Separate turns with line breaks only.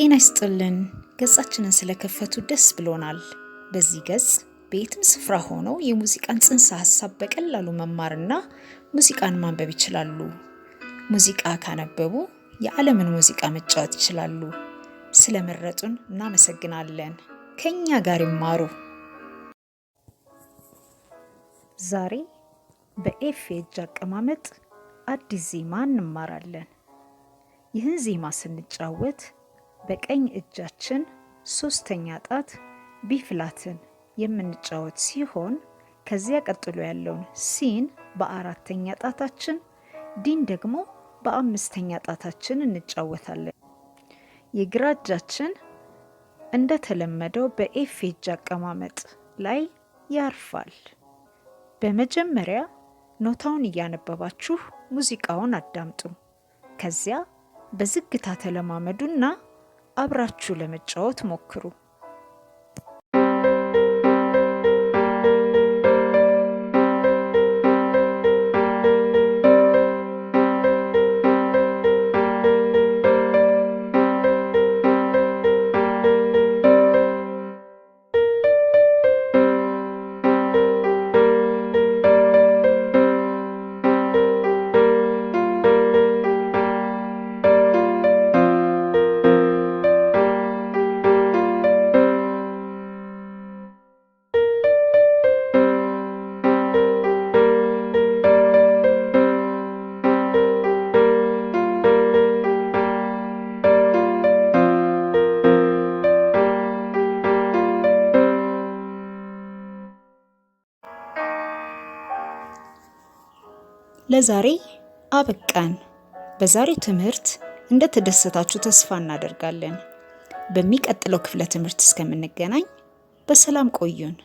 ጤና ይስጥልን። ገጻችንን ስለከፈቱ ደስ ብሎናል። በዚህ ገጽ በየትም ስፍራ ሆነው የሙዚቃን ጽንሰ ሀሳብ በቀላሉ መማርና ሙዚቃን ማንበብ ይችላሉ። ሙዚቃ ካነበቡ የዓለምን ሙዚቃ መጫወት ይችላሉ። ስለመረጡን እናመሰግናለን። ከኛ ጋር ይማሩ።
ዛሬ በኤፍ የእጅ አቀማመጥ አዲስ ዜማ እንማራለን። ይህን ዜማ ስንጫወት በቀኝ እጃችን ሶስተኛ ጣት ቢፍላትን የምንጫወት ሲሆን ከዚያ ቀጥሎ ያለውን ሲን በአራተኛ ጣታችን ዲን ደግሞ በአምስተኛ ጣታችን እንጫወታለን። የግራ እጃችን እንደተለመደው በኤፍ እጅ አቀማመጥ ላይ ያርፋል። በመጀመሪያ ኖታውን እያነበባችሁ ሙዚቃውን አዳምጡ። ከዚያ በዝግታ ተለማመዱና አብራችሁ ለመጫወት ሞክሩ።
ለዛሬ አበቃን። በዛሬው ትምህርት እንደተደሰታችሁ ተስፋ እናደርጋለን። በሚቀጥለው ክፍለ ትምህርት እስከምንገናኝ በሰላም ቆዩን።